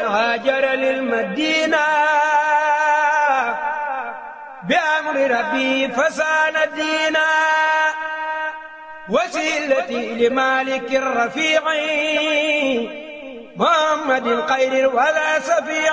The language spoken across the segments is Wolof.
هاجر للمدينة بأمر ربي فسان دينا وسيلتي لمالك الرفيع محمد خير ولا سفيع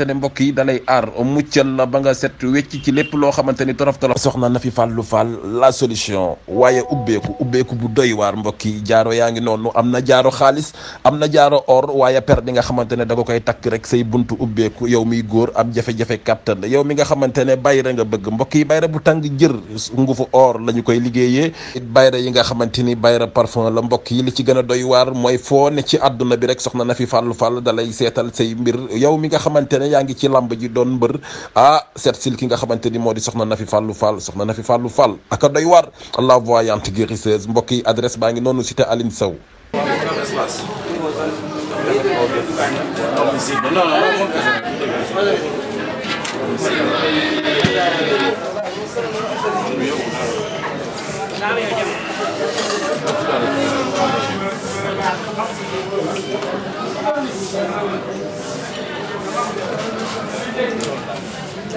xamante ne mbokk yi dalay aar muccal la ba nga set wecc ci lépp loo xamante ni torof torof soxna na fi fàllu fàll la solution waaye ubbeeku ubbeeku bu doy waar mbokk yi jaaro yaa ngi noonu am na jaaro xaalis am na jaaro or waaye per bi nga xamante ne da koy takk rek say buntu ubbeeku yow miy góor am jafe-jafe kàttan yow mi nga xamante ne bayra nga bëgg mbokk yi bayra bu tàng jër ngufu or la koy liggéeyee bayra yi nga xamante ni bayra parfum la mbokk yi li ci gën a doy waar mooy foo ci àdduna bi rek soxna na fi fàllu fàll dalay seetal yaa ngi ci lamb ji doon mbër ah seet sil ki nga xamante ni moo di soxna Nafi Fallou Fall soxna Nafi Fallou Fall aka doy waar la voyante guérisseuse mbokk yi adresse baa ngi noonu cité Aline Sow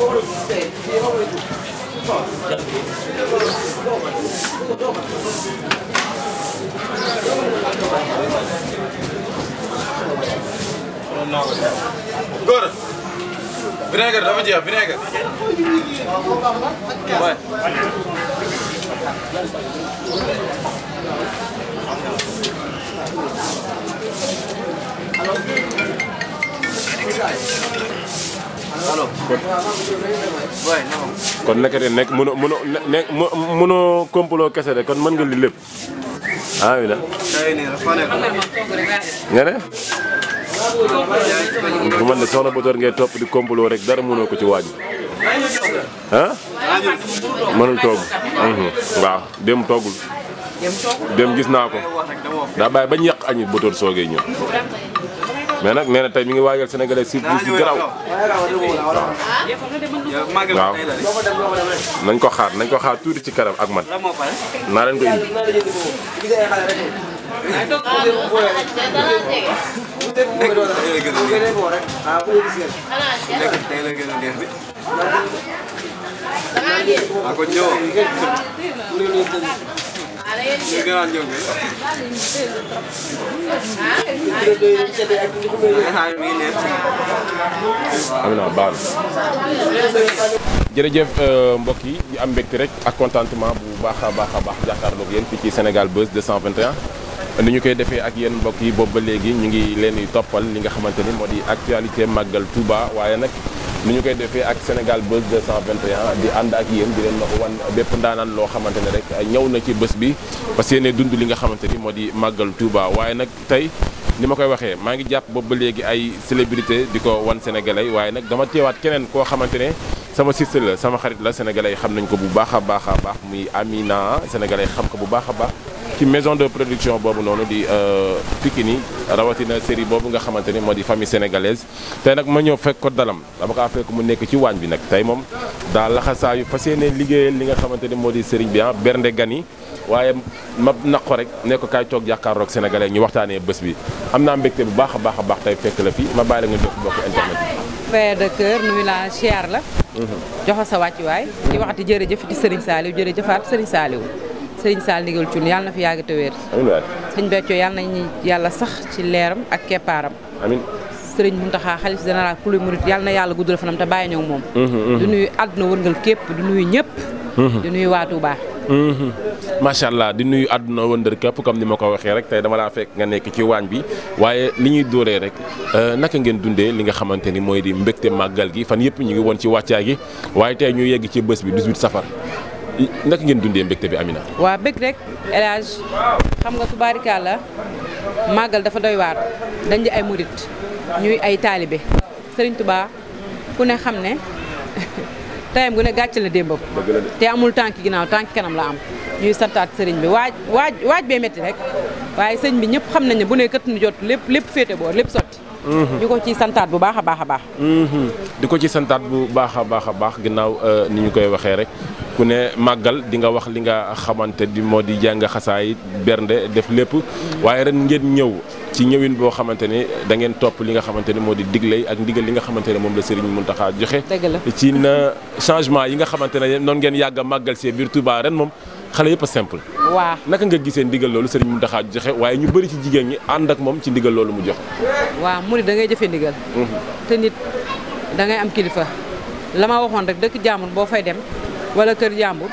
góor vinaigre dafa jeex vinaigre. waay. alors. kon nekkati nekk mënoo mënoo nekk mënoo complot kese rek kon mën nga li lépp. ah oui la. nga ne. bu man soxna Bator ngay topp di complot rek dara mënoo ko ci waañu. ah. mënul toog. Mhm. waaw dem toogul. dem gis naa ko. daa baay bañ yàq añu Bator soogee ñëw. mais nag nee na tey mi ngi waajal sénégalais surprise bu garaaw waaw nañ ko xaar nañ ko xaar tuuti ci kanam ak man naa leen ko jërëjëf euh, mbokk yi ñu am mbégte rek ak contentement bu baax a baax a baax jàkkaarloog yéen fii ci Sénégal Buzz 221. ni ñu koy defee ak yéen mbokk yi boobu ba léegi ñu ngi leen di toppal li nga xamante ni moo di actualité màggal tubaa waaye nag. ni ñu koy defee ak Sénégal Buzz 221 di ànd ak yéen di leen ma ko wan bépp ndaanaan loo xamante ne rek ñëw na ci bés bi parce que yéene dund li nga xamante ni moo di màggal Touba waaye nag tey ni ma koy waxee maa ngi jàpp boobu ba léegi ay célébrité di ko wan sénégalais waaye nag dama teewaat keneen koo xamante ne sama sister la sama xarit la sénégalais xam nañ ko bu baax a baax a baax muy Amina sénégalais xam ko bu baax a baax ci maison de production boobu noonu di euh, Pikini rawatina série boobu nga xamante ni moo di famille sénégalaise tey nag ma ñëw fekk ko dalam dama kaa fekk mu nekk ci waañ bi nag tey moom daa laxasaayu fas yéene liggéeyal li nga xamante ni moo di sëriñ bi ah bernde gan yi waaye ma naq ko rek ne ko kaay toog jàkkaarloog sénégalais ñu waxtaanee bés bi am naa mbégte bu baax a baax a baax tey fekk la fi ma bàyyi la nga jox bokk internet bi. frère de cœur nuyu naa siyaar la. Mhm. joxo sa wàccuwaay. di waxati jërëjëf ci Serigne Saliou jërëjëfaat Serigne Saliou. sëriñ Sall ndigal Thioune yàlla na fi yàgg te sëñ amiin waay sëriñ Béthio yàlla sax ci leeram ak keppaaram. amiin sëriñ Mountakha xalif général kulu murit yàlla na yàlla guddal fanam te bàyyi ñoom moom. Mm-hmm, mm-hmm. du nuyu àdduna wërngal képp du nuyu ñëpp. Mm-hmm. du nuyu waatu Touba. macha allah di nuyu àdduna wëndër képp comme ni ma ko waxee rek tey dama laa fekk nga nekk ci waañ bi waaye li ñuy dóoree rek euh, naka ngeen dundee li nga xamante ni mooy di mbégte màggal gi fan yëpp ñu ngi woon ci wàccaa gi waaye ñu yegg ci bés bi 18 safar naka ngeen dundee mbégte bi Amina. waa bëgg rek El xam nga su tubaarikàlla màggal dafa doy waat dañ di ay murit ñuy ay taalibe Serigne Touba ku ne xam ne tayam gu ne gàcce la démbam. te amul tànk ginnaaw tànk kanam la am ñuy santaat sëriñ bi waaj waaj waaj bee métti rek waaye sëñ bi ñëpp xam nañ ne bu ne kët nu jot lépp lépp féete boor lépp sotti. ñu ko ciy santaat bu baax a baax a baax. Mhm. di ko ci santaat bu baax a baax a baax ginnaaw euh, ni ñu koy waxee rek ku ne màggal di nga wax li nga xamante di moo di jàng xasaay bernde def lépp waaye ren ngeen ñëw. ci ñëwin boo xamante ni da ngeen topp li nga xamante ni moo di diglay ak ndigal li nga xamante ne moom la Serigne Mountakha joxe. ci na changement yi nga xamante ne noonu ngeen yàgg a màggal see biir tubaa ren moom. xale yëpp a simple. waaw naka nga gisee ndigal loolu sëriñ Mountakha joxe waaye ñu bëri ci jigéen ñi ànd ak moom ci ndigal loolu mu joxe. waaw mu ne da ngay jëfee ndigal. Mhm. te nit da ngay am kilifa. la ma waxoon rek dëkk jàmbur boo fay dem wala kër jàmbur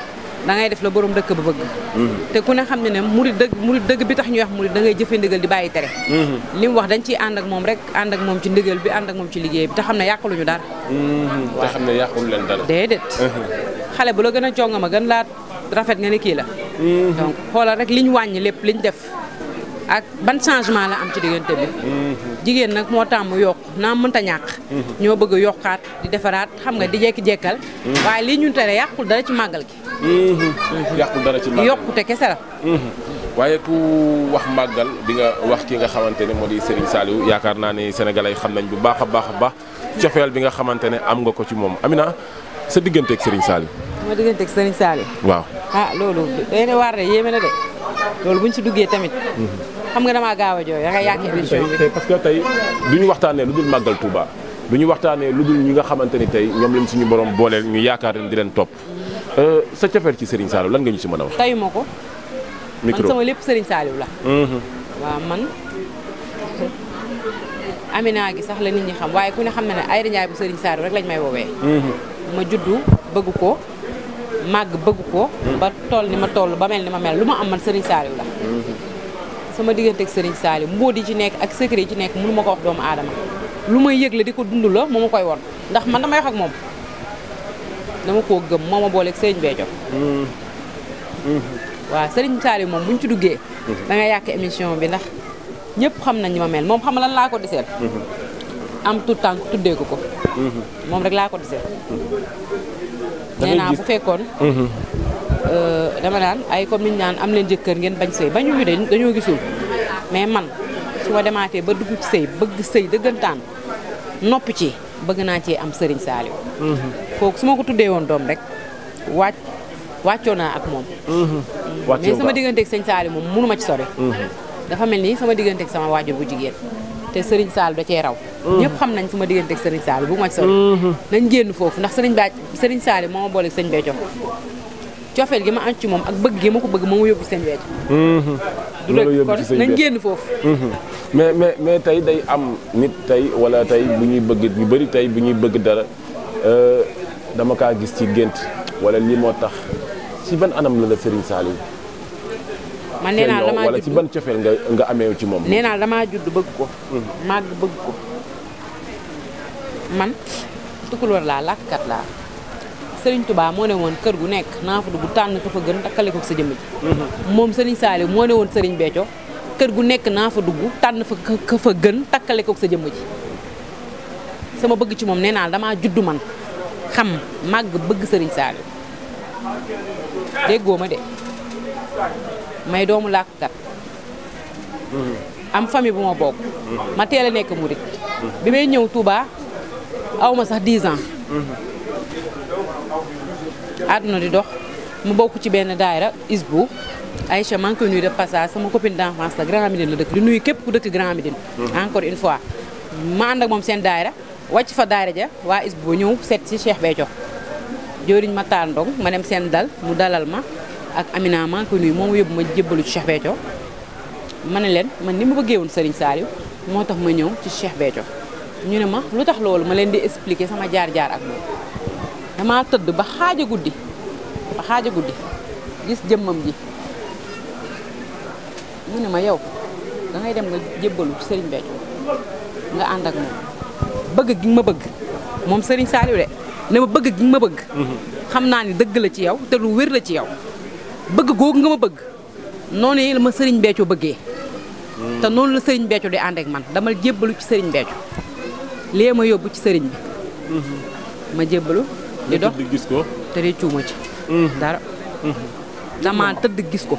da ngay def la boroom dëkk ba bëgg. Mhm. te ku ne xam ne ne murid dëgg murid dëgg bi tax ñu wax murid da ngay jëfe ndigal di bàyyi tere. Mhm. li mu wax dañ ci ànd ak moom rek ànd ak moom ci ndigal bi ànd ak moom ci liggéey bi te xam ne yàquluñu dara. waaw te xam ne yàqul leen la gën rafet nga ne kii la. Mhm. donc xoolal rek li ñu wàññi lépp li ñu def ak ban changement la am ci diggante bi. Mhm. jigéen nag moo tàmm yokk naa mënta ñàkk. Mhm. ñoo bëgg yokkaat di defaraat xam nga di jekki-jekkal. waaye lii ñu tere yàqul dara ci màggal gi. yàqul dara ci màggal gi yokkute kese la. waaye ku wax màggal bi nga wax ki nga xamante ne moo di Serigne Saliou yaakaar naa ne sénégalais xam nañ bu baax a baax a baax cofeel bi nga xamante ne am nga ko ci moom Amina sa digganteeg Serigne Saliou. sama diggante ak Serigne Saliou. waaw ah loolu day ne waar de yéeme na de loolu buñ si duggee tamit. xam nga damaa gaaw a jooy a ngay yàq émission bi. parce que tey du ñu waxtaanee lu dul màggal Touba du ñu waxtaanee lu dul ñi nga xamante ni tey ñoom lañ suñu borom booleel ñu yaakaar di leen topp euh, sa cofeel ci Serigne Saliou lan nga ñu si mën a wax. tayu ko. micro man sama lépp Serigne Saliou la. Mhm. waaw man. Amina gi sax la nit ñi xam waaye ku ne xam na ne Aïda Ndiaye bu Serigne Saliou lañ may woowee. Mhm. ma juddu bëgg ko. màgg bëgg ko. Hmm. ba toll ni ma toll ba mel ni ma mel lu ma am man Serigne Saliou la. Hmm. sama diggante ak Serigne Saliou mbóot yi ci nekk ak secret yi ci nekk mënu ma ko wax doomu aadama lu may yëgle di ko dund la moo ma koy won ndax man damay wax ak moom dama koo gëm moo ma booleeg Serigne Béthio. Hmm. waaw sëriñ Saliou moom buñ ci duggee. da nga yàq émission bi ndax ñëpp xam nañ ni ma mel moom xam lan laa ko deseel. am tout tànk tuddee ko ko. moom rek laa ko deseel. nee naa bu fekkoon. Mhm. Euh, dama ay comme ni ñu am leen jëkkër ngeen bañ sëy bañu ñu de dañoo gisul mais man su demaatee ba dugg sëy bëgg sëy dëggantaan nopp ci bëgg naa ci am sëriñ Saliou. Mhm. kooku su ma ko tuddee woon doom rek wàcc wàccoo naa ak moom. Mhm. wàccoo mais sama digganteeg sëñ Saliou moom mënu ma ci sori. dafa mel ni sama digganteeg sama waajur bu jigéen. te Serigne saal da cee raw. Mm. ñëpp xam nañ su ma diggante ak Serigne Sall bu ma sori. Mm-hmm. nañ génn foofu ndax Serigne Ba Serigne saal yi moo ma booleeg sëñ Béthio cofeel gi ma am ci moom ak bëgg gi ma ko bëgg ma ma yóbbu sëñ Béthio. Mm-hmm. loolu yóbbu ci sëñ foofu. Mm-hmm. mais mais mais tey day am nit tey wala tey bu ñuy bëgg ñu bëri tey bu ñuy bëgg dara euh, dama kaa gis ci gént wala lii moo tax si ban anam la la Serigne Sall yi man nee naa damaa judd ci ban ci moom. nee naa judd bëgg ko. Hmm. màgg bëgg ko man tukulóor laa làkkat laa Serigne Touba moo ne woon kër gu nekk naa fa dugg hmm. tànn ka fa gën takkale ko sa jëmm ji. moom Serigne Saliou moo ne woon Serigne Béthio kër gu nekk naa fa dugg tànn fa ka fa gën takkale ko sa jëmm ji sama bëgg ci moom nee naa damaa judd man xam màgg bëgg sëriñ Saliou déggoo ma de. may doomu làkkat am famille bu ma bokk. ma teel a nekk murit bi may ñëw Touba aw ma sax 10 ans. na di dox mu bokk ci benn daayira isbu Aïcha maa ngi koy nuyu de passage sama copine d'enfance la Grand Médine la dëkk di nuyu képp ku dëkk Grand Médine. encore une fois ma ànd moom seen daayira wàcc fa daayira ja waa isbu ñëw seet si Cheikh Béthio. jëriñ ma tàndoog ma dem seen dal mu dalal ma. ak Amina maa ngi nuyu moom yóbbu ma jébbalu ci Cheikh Béthio ma ne leen man ni ma bëggee woon Serigne Saliou moo tax ma ñëw ci Cheikh Béthio ñu ne ma lu tax loolu ma leen di expliquer sama jaar-jaar ak moom damaa tëdd ba xaaja guddi ba xaaja guddi gis jëmmam ji mu ne ma yow da ngay dem nga jébbalu Serigne Béthio nga ànd ak moom bëgg gi ma bëgg moom Serigne Saliou de ne ma bëgg gi ma bëgg mhm. xam naa ni dëgg la ci yow te lu wér la ci yow bëgg googu nga ma bëgg noonu yi la ma sëriñ Béthio bëggee te noonu la sëriñ Béthio di ànd ak man dama jébbalu ci sëriñ Béthio lee ma yóbbu ci sëriñ bi mhm. ma jébbalu di dox gis ko te réccuuma ci mhm. dara mhm. dama tëdd gis ko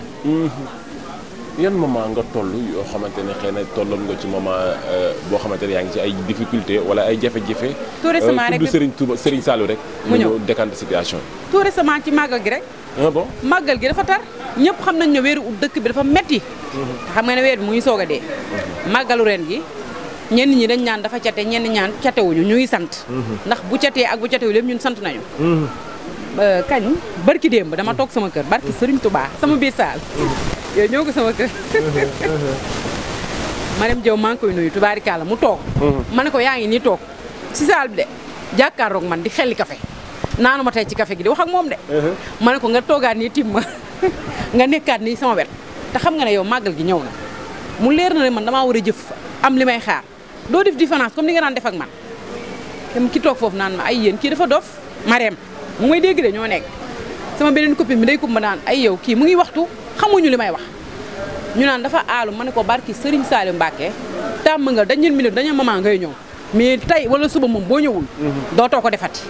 yan moment nga toll yoo xamante ne xëy na tolloon nga ci moment euh, boo xamante ne yaa ngi ci ay difficulté wala ay jafe-jafe tout récemment euh, rek tudd Serigne Touba Serigne rek mu ñëw décanté situation tout récemment ci màggal gi rek Ah bon màggal gi dafa tar ñëpp xam nañ ne weeru ut dëkk bi dafa metti mm-hmm. xam nga ne weer mu ngi soog a dee mm-hmm. màggalu ren gi ñenn ñi dañ ñaan dafa cate ñenn ñaan catewuñu ñu ngi sant mm-hmm. ndax bu catee ak bu catewu lépp ñun sant nañu kañ barki démb dama toog sama kër barki Sëriñ Tubaa sama biir saal yooyu ñoo ko sama kër Marème maa ngi koy nuyu tubaarikàlla mu toog ma ne ko yaa ngi nii toog si saal bi de jàkkaarloog man di xelli kafe naanu ma tey ci kafe gi di wax ak moom de uh-huh. ma ne ko nga toogaat nii tim ma nga nekkaat nii sama wet te nga ne yow màggal gi ñëw na mu leer na ne man damaa war a jëf am li may xaar doo def différence comme ni nga daan def ak man dem ki toog foofu naan ma ay yéen kii dafa dof mareem mu may dégg de ñoo nekk sama beneen copine bi day kub ma naan ay yow kii mu ngi waxtu xamuñu li may wax ñu naan dafa aalu ma ne ko barki Serigne Saliou Mbacké tàmm nga dañeen minute dañu moment ngay ñëw mais tey wala suba moom boo ñëwul mm-hmm. dootoo ko defati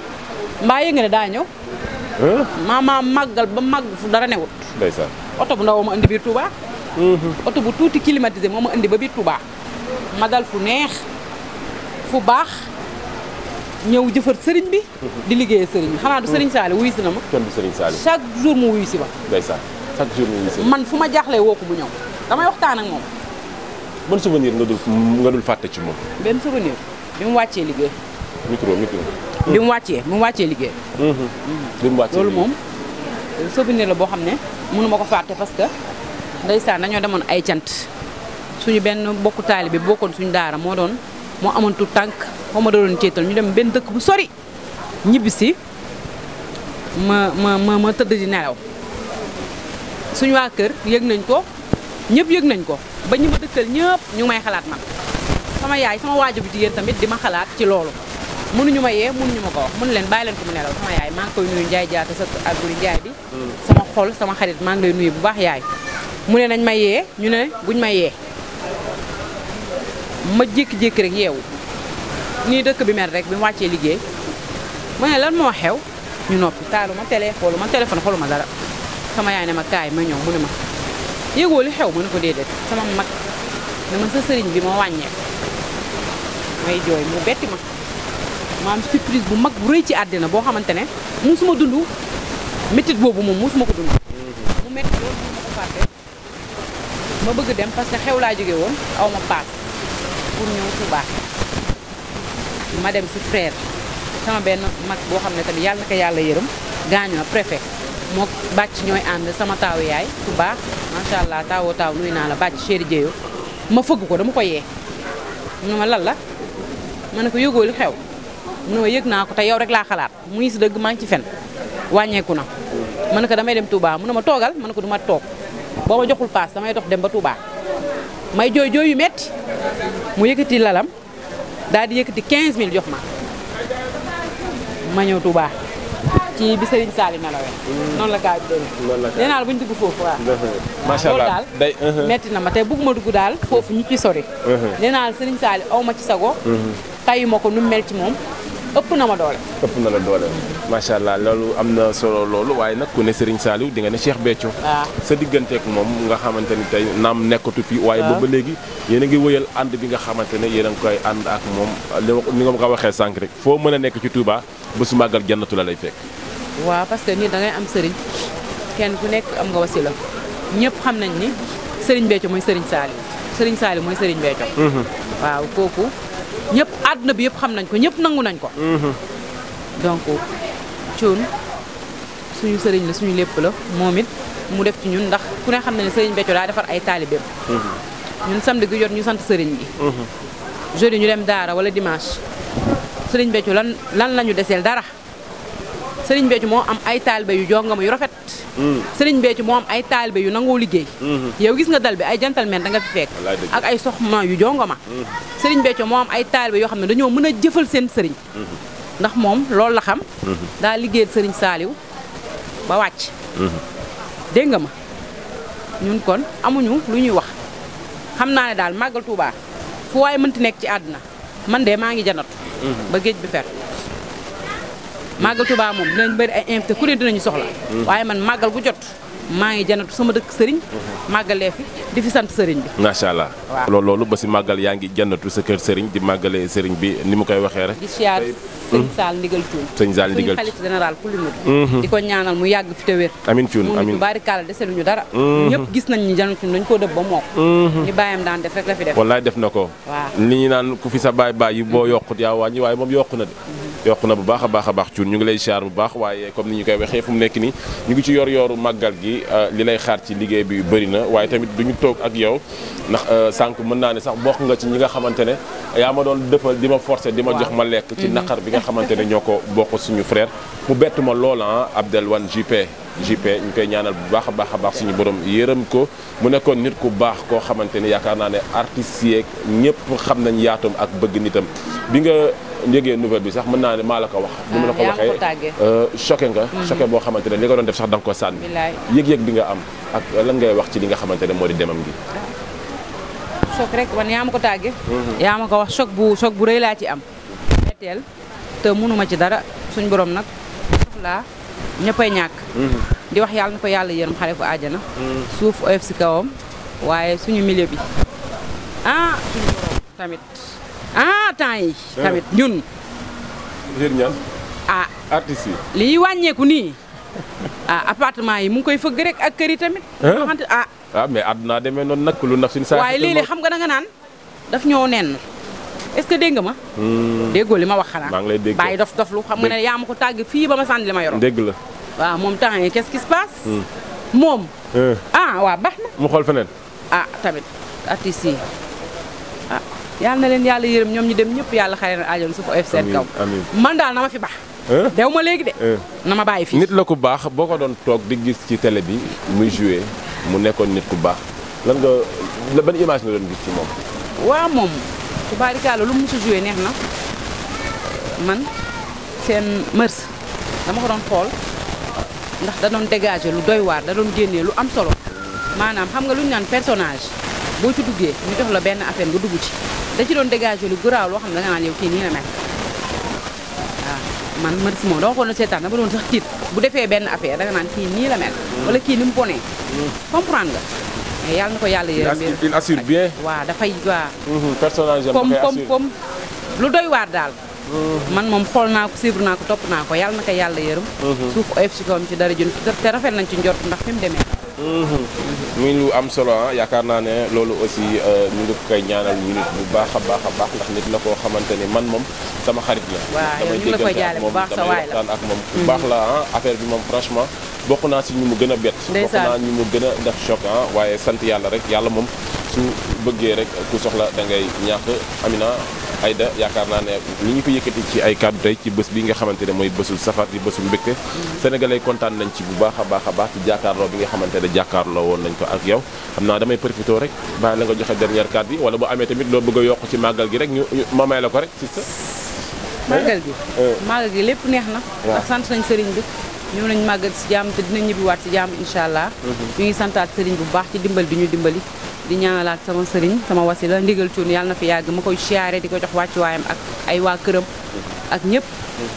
mbaa yëngu ne daa ñëw. maa maa màggal ba màgg fu dara newut. ndeysaan oto bu ndaw ma indi biir Touba. Mhm. oto bu tuuti climatisé moo ma indi ba biir tubaa ma dal fu neex fu baax ñëw jëfar sëriñ bi. di liggéeyee sëriñ bi xanaa du mhm. sëriñ Saali wuyu na ma. kenn du sëriñ Saali chaque jour mu wuyu si ma. ndeysaan chaque man fu ma jaaxlee woo ko bu ñëw damay waxtaan ak moom. ban souvenir nga dul nga fàtte ci moom. benn souvenir bi mu wàccee liggéey. micro micro. bi mu wàccee mu wàccee liggéey. Mm-hmm. bi mu wàccee loolu moom souvenir la boo xam ne mënu ma ko fàtte parce que ndeysaan dañoo demoon ay cant suñu benn bokku taali bi bokkoon suñu daara moo doon moo amoon tànk xaw ma doon ceetal ñu dem benn dëkk bu sori ñibbi ma ma ma tëdd di nelaw suñu waa kër yëg nañ ko ñëpp yëg nañ ko ba ñi ma dëkkal ñëpp ñu may xalaat man sama yaay sama waajur bu jigéen tamit di ma xalaat ci loolu. mënuñu ma yee mënuñu ma ko wax mënu leen bàyyi leen ko mu nelaw sama yaay maa ngi koy nuyu Njaay Jaata sa ak Buri Njaay bi hmm. sama xol sama xarit maa ngi lay nuyu bu baax yaay mu ne nañ ma ñu ne buñ ma ma jékki rek yeewu nii dëkk bi mel rek bi mu liggéey mu lan moo xew ñu noppi taalu ma télé xoolu ma téléphone xoolu ma dara sama yaay ne ma kaay ma ñëw mu ne ma yëgoo li xew ma ne ko déedéet sama mag dama sa sëriñ bi ma wàññeeku may jooy mu betti ma maam surprise bu mag bu rëy ci àddina boo xamante ne suma dund métit boobu moom musuma ko dund mhm. mu métti ko fàtte ma bëgg dem parce que xew laa jóge woon awma ma paas pour ñëw Touba ma dem si frère sama benn mag boo xam ne tamit yàlla na ko yàlla yërëm gaañu na préfet moo bàcc ñooy ànd sama taawu yaay baax macha allah taawoo taaw nuy naa la bàcc chéri jéyo ma fëgg ko dama ko yee mu ne ma lan la ma ne ko yëgoo li xew mun ma yëg naa ko te yow rek laa xalaat muy si dëgg maa ngi ci fen wàññeeku na ma ne ko damay dem baax mu ne ma toogal ma ne ko du toog boo ma joxul damay dox dem ba Touba may jooy jooy yu metti mu yëkkati lalam daal di yëkkati 15000 jox ma ma ñëw Touba ci bi Serigne Saliou melawee. noonu la kaa demee. nee naa la bu ñu dugg foofu waaw. macha allah day daal uh-huh. metti na ma te bëgguma dugg daal foofu ñu ci sori. Uh-huh. nee naa la Serigne Saliou aw ma ci sago. Uh-huh. tayu ma ko nu mu ci moom. ëpp na ma doole. ëpp na la doole macha allah loolu am na solo loolu waaye nag ku ne Serigne Saliou di nga ne Cheikh Béthio. Ah. sa digganteek moom nga xamante ni tey naam nekkatu fi. waaye ba ba ah. léegi yéen a ngi wëyal ànd bi nga xamante ne yéen a ngi koy ànd ak moom li nga ko waxee sànq foo mën a nekk ci Touba bésu màggal jannatu la lay fekk. waaw parce que nit da ngay am Serigne kenn ku nekk am nga la ñëpp xam nañ ni Serigne Béthio mooy Serigne Saliou Serigne Saliou mooy Serigne Béthio. Mhm. waaw kooku. ñëpp àdduna bi yëpp xam nañ ko ñëpp nangu nañ ko. Mhm. donc Thioune suñu sëriñ la suñu lépp la moom it mu def ci ñun ndax ku ne xam na ne sëriñ Béthio daa defar ay taalibeem. Mhm. ñun samedi gi jot ñu sant sëriñ bi. Mhm. jeudi ñu dem daara wala dimanche sëriñ Béthio lan lan la ñu deseel dara sëriñ Béthio moo am ay taalibe yu jongama yu rafet. sëriñ Béthio ci am ay taalibe yu nangoo liggéey mm-hmm. yow gis nga dal bi ay gentleman da nga fi fekk ak ay soxna yu jongoma mm-hmm. sëriñ Béthio moo am ay taalibe yoo xam ne dañoo mën a jëfal seen sëriñ mm-hmm. ndax moom loolu la xam daa liggéeyal sëriñ Saaliw ba wàcc dégg nga ma ñun kon amuñu lu ñuy wax xam naa ne daal màggal Tuubaa fu waaye mënti nekk ci àdduna man de maa ngi janatu ba géej bi fer màggal Touba moom dinañ bëri ay invité ku ne dinañu soxla hmm. waaye man màggal gu jot maa ngi janatu sama dëkk sëriñ hmm. màggalee fi di fi sant sëriñ bi macha allah loolu loolu ba si màggal yaa ngi janatu sa kër sëriñ di màggalee sëriñ bi ni mu koy waxee rek di siyaar sëñ hmm. Saal ndigal Cuun sëñ Saal ndigal xalif général ku limu di ko ñaanal mu yàgg fi te wér amin Cuun amin baari kaala dese lu ñu dara ñëpp gis nañ ñi janatu dañ koo dëb ba mook ni bàyyam daan def rek la fi def na ko waaw ñu naan ku sa baay baay yi boo yokkut yaa wàññi waaye moom yokku na yokk na bu baax a baax a baax cuun ñu ngi lay siyaar bu baax waaye comme ni ñu koy waxee fu mu nekk nii ñu ngi ci yor yooru màggal gi euh, li lay xaar ci liggéey bi bëri na waaye tamit du ñu toog ak yow ndax euh, sànq mën naa ne sax bokk nga ci ñi nga xamante ne yaa ma doon dëfal di ma forcer di ma jox ma lekk ci naqar bi nga mm-hmm. xamante ne ñoo ko bokk suñu frère mu bett ma loola ah, Abdel Wane JP JP ñu koy ñaanal bu baax a baax a baax suñu borom yërëm ko mu nekkoon nit ku baax koo xamante ne yaakaar naa ne artistes ñëpp xam nañ yaatam ak bëgg nitam yëgee nouvelle bi sax mën naa ne maa la ko wax bu ah, la ko waxee euh, choqué nga hmm. choqué boo xamante ne li nga doon def sax da nga ko sànni yëg-yëg bi nga am ak lan ngay wax ci li nga xamante ne moo di demam gi ah. choc rek wan yaa ma ko tàggee hmm. yaa ma ko wax choc bu choc bu rëy laa ci am metteel te mënuma ci dara suñ borom nag soxlaa ñëppay ñàkk hmm. di wax yàlla na ko yàlla yërëm xale ko àjjana suuf oyof si kawam waaye suñu milieu bi ah, tamit ah temps yi eh. tamit ñun. yéen ah artistes yi. li wàññeeku nii ah appartement yi mu ngi koy fëgg rek ak kër yi tamit. Eh? xamante ah. ah mais àdduna demee noonu nag lu nax suñu saa. waaye léeg xam nga da naan daf ñoo nen. est-ce que dégg nga ma. Hmm. déggoo li ma wax xanaa. maa ngi lay dégg bàyyi dof dof xam nga ne yaa ma ko tàgg fii ba ma sànni li ma yoroon. dégg la waaw moom temps yi qu'est-ce qui se passe. Hmm. moom. Eh. ah waaw baax na. mu xool feneen. ah tamit artistes yi. yàlla na leen yàlla yërëm ñoom ñu dem ñëpp yàlla xare na aajoon suuf oyof seen kaw man daal na ma fi baax dew ma léegi de na ma bàyyi fii nit la ku baax boo ko doon toog di gis ci télé bi muy joué mu nekkoon nit ku baax lan nga ba ban image nga doon gis ci moom waaw moom tubaarikàlla lu mu musu joué neex na man seen mërs dama ko doon xool ndax da doon dégager lu doy waar da doon génnee lu am solo maanaam xam nga lu ñu naan personnage boo ci duggee ñu jox la benn affaire nga dugg ci da ci doon dégagé lu garaaw loo xam ne da nga naan yow kii nii la mel man ma si moom dama ko doon seetaan dama doon sax tiit bu defee benn affaire da nga naan kii nii la mel. wala kii ni mu bonee. comprendre nga. mais na ko yàlla yërëm il assure bien. waaw dafay waaw. personnage am comme comme lu doy waar daal. man moom xool naa ko suivre naa ko topp naa ko yàlla na ko yàlla yërëm. suuf oyof si kawam ci dara jun te rafet nañ ci njort ndax fi mu demee. muy lu am solo ah. yaakaar naa ne loolu aussi euh, ñu ngi koy ñaanal ñu nit bu baax a baax a baax ndax nit la koo xamante ni man moom sama xarit la. waaw yow ñu la koy jaale bu baax damay waxtaan ak moom bu mm-hmm. baax la ah. affaire bi moom franchement bokk naa si ñu mu gën a bett. bokk naa ñu mu gën a def choc ah waaye sant yàlla rek yàlla moom su bëggee rek ku soxla dangay ngay ñàkk Amina. ay da yaakaar naa ne li ñu ko yëkkati ci ay kàddu tey ci bés bi nga xamante ne mooy bésul safar di bésul mbégte sénégalais kontaan nañ ci bu baax a baax a baax ci jàkkaarloo bi nga xamante ne jàkkaarloo woon nañ ko ak yow xam naa damay profité rek bàyyi la nga joxe dernière kàddu yi wala bu amee tamit loo bëgg yokk ci màggal gi rek ñu ma may la ko rek sista màggal gi euh. màggal gi lépp neex na ndax sant nañ sëriñ bi ñëw nañ màggal si jàmm te dina ñibbiwaat si jaam incha allah mhm. ñu ngi santaat sëriñ bu baax ci dimbal bi ñu dimbali di ñaanalaat sama sëriñ sama wasila ndigal cuun yàlla na fi yàgg ma koy siyaare di ko jox wàccuwaayam ak ay waa këram ak ñëpp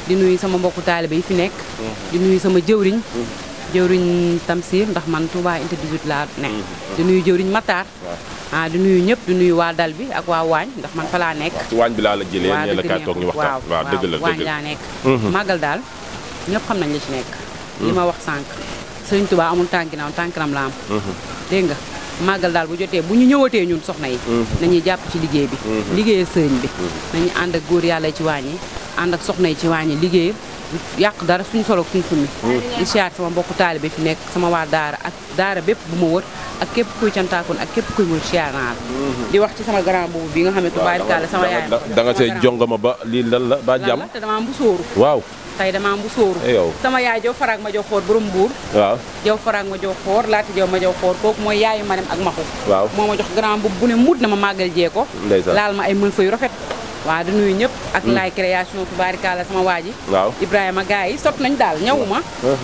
di nuyu sama mbokku taalibe yi fi nekk di nuyu sama jëwriñ jëwriñ Tamsir ndax man Touba Unité 18 laa nekk mhm. di nuyu jëwriñ Matar ah di nuyu ñëpp di nuyu waa dal bi ak waa ndax man fa nekk ci waañ bi laa la jëlee ñee la kaay mhm. màggal daal ñëpp xam nañ la ci nekk li mhm. ma wax sànq sëriñ Touba amul tànkinaaw tànkinam la am dégg nga màggal daal bu jotee bu ñu ñëwatee ñun soxna yi mhm. nañuy jàpp ci liggéey bi mhm. liggéey sëriñ bi mhm. nañu ànd ak góor yàlla ci waañi ànd ak soxna yi ci waañi liggéey yàq dara suñu solo suñu summi di siyaar sama mbokku taalibe fi nekk sama waa daara ak daara bépp bu ma wër ak képp kuy cantaakoon ak képp kuy wër siyaar naa la di wax ci sama grand bi nga xam ne tubaarikaale sama yaay da nga say jongama ba lii lan la ba jàmm te dama mbusóoru waaw tey damaa mu sóoru eh, sama yaay jow faraag ma jow xoor borom mbuur waaw jow faraag ma jow xoor laati jow ma jow xoor kooku mooy yaay ma dem ak maxu waaw moo ma jox grand bu bu ne muut na ma màggal jee ko laal ma ay mën fa yu rafet waa di nuyu ñëpp ak mm. laay création tubaarikàlla sama waa ji waaw ibrahima gars yi sot nañ daal ñawuma uh-huh.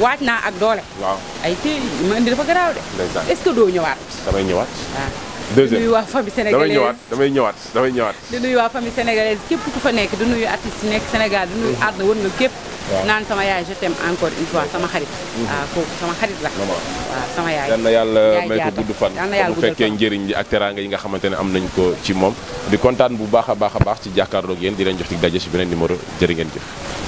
waaj naa ak doole waaw ay téy ma indi dafa garaaw de est-ce que doo ñëwaat damay ñëwaat deuxième nuyu waa famille sénégalaise damay ñëwaat damay ñëwaat damay ñëwaat. di nuyu waa famille sénégalaise képp ku fa nekk di nuyu artistes yi nekk Sénégal di nuyu àdduna wër nga képp. naan sama yaay je encore une fois sama xarit. Mm-hmm. waaw kooku sama xarit la. waaw yàlla may ko gudd fan. bu fekkee njëriñ bi ak teraanga yi nga xamante ne am nañ ko ci moom. di kontaan bu baax a baax a baax ci jàkkaarloog yéen di leen jox ci daje si beneen numéro jërë jëf